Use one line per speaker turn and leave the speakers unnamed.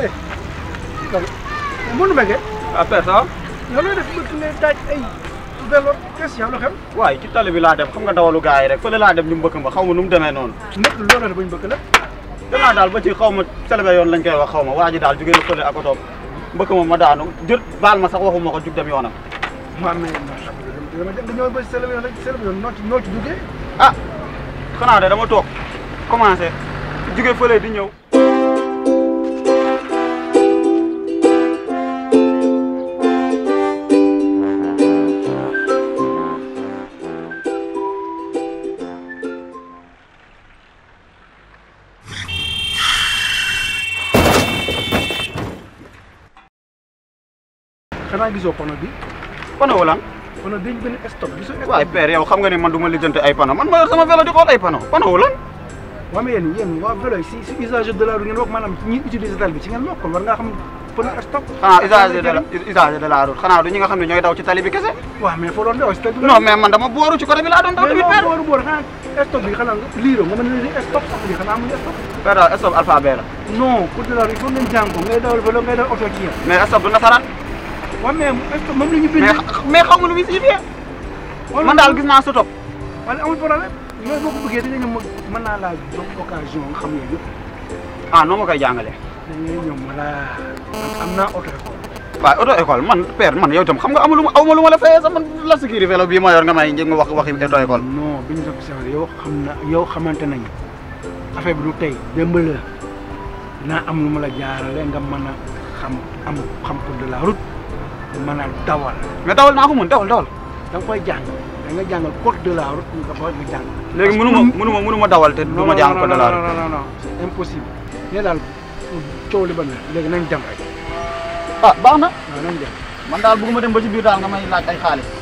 eh mënu ma ngeen. affaire ah, ça. yow looy def bëgg ne daaj ay vélo kese yow
waaye ci tali bi laa dem xam nga dawalu gars yi rek fële laa dem ñu mbëkk ma xaw ma nu mu demee noonu. mbëkk loolu la bu ñu bëgg la. danaa daal ba ci xaw ma selebe yoon lañ koy wax xaw ma waa ji daal jugee na fële ak otoom mbëkk ma ma daanu jël baal ma sax waxuma ko jug dem yoonam. maa mii dama dem dañoo ba selebe yoon rek selebe yoon noo jugee. ah xanaa de dama toog commencé jugee fële di ñëw. danaa gisoo pano bi. pano
wala. pano dañ benn
man ma yor sama vélo di xool ay pano pano wala.
waaw mais waa vélo si si usage ngeen wax maanaam ñi utiliser dal bi ci ngeen wax war ngaa xam pano stock. ah usage de
la usage ñi nga xam ne ñooy daw ci tali kese. waaw mais foo doon daw si ci côté bi doon daw. tamit père mais
non booru booru xanaa stock bi xanaa lii la nga mën a lii stock ngeen jàng oto ci yéen. mais stock
du
waaw mais est-ce que moom la ñu bindee.
mais man daal gis naa
sa topp. wala amul problème mën naa laa jox occasion nga xam yooyu yëpp.
ah noo ma koy jàngalee.
dañuy ñoom voilà. naa auto
école. waaw man peer man yow tam xam nga amuluma awma lu ma la fayee man la sécurité vélo bii ma yor nga may njëg nga wax waxi auto école. non bi ñu def si na yow xamante nañu bi du tey démb la
dinaa ma la jaarale nga mën na xam am xam code la route. maanaam dawal ma dawal naa fa mën dawal dawal da nga koy jàng da nga jàngal code de la route nga koy
léegi mënu ma ma mënu dawal te du ma jàng code de la route. non non non
c'est impossible
nee daal coow ba na léegi nañ dem a ah baax na. waaw nañ dem man daal bëgguma dem ba ci biir daal nga may laaj ay xaalis.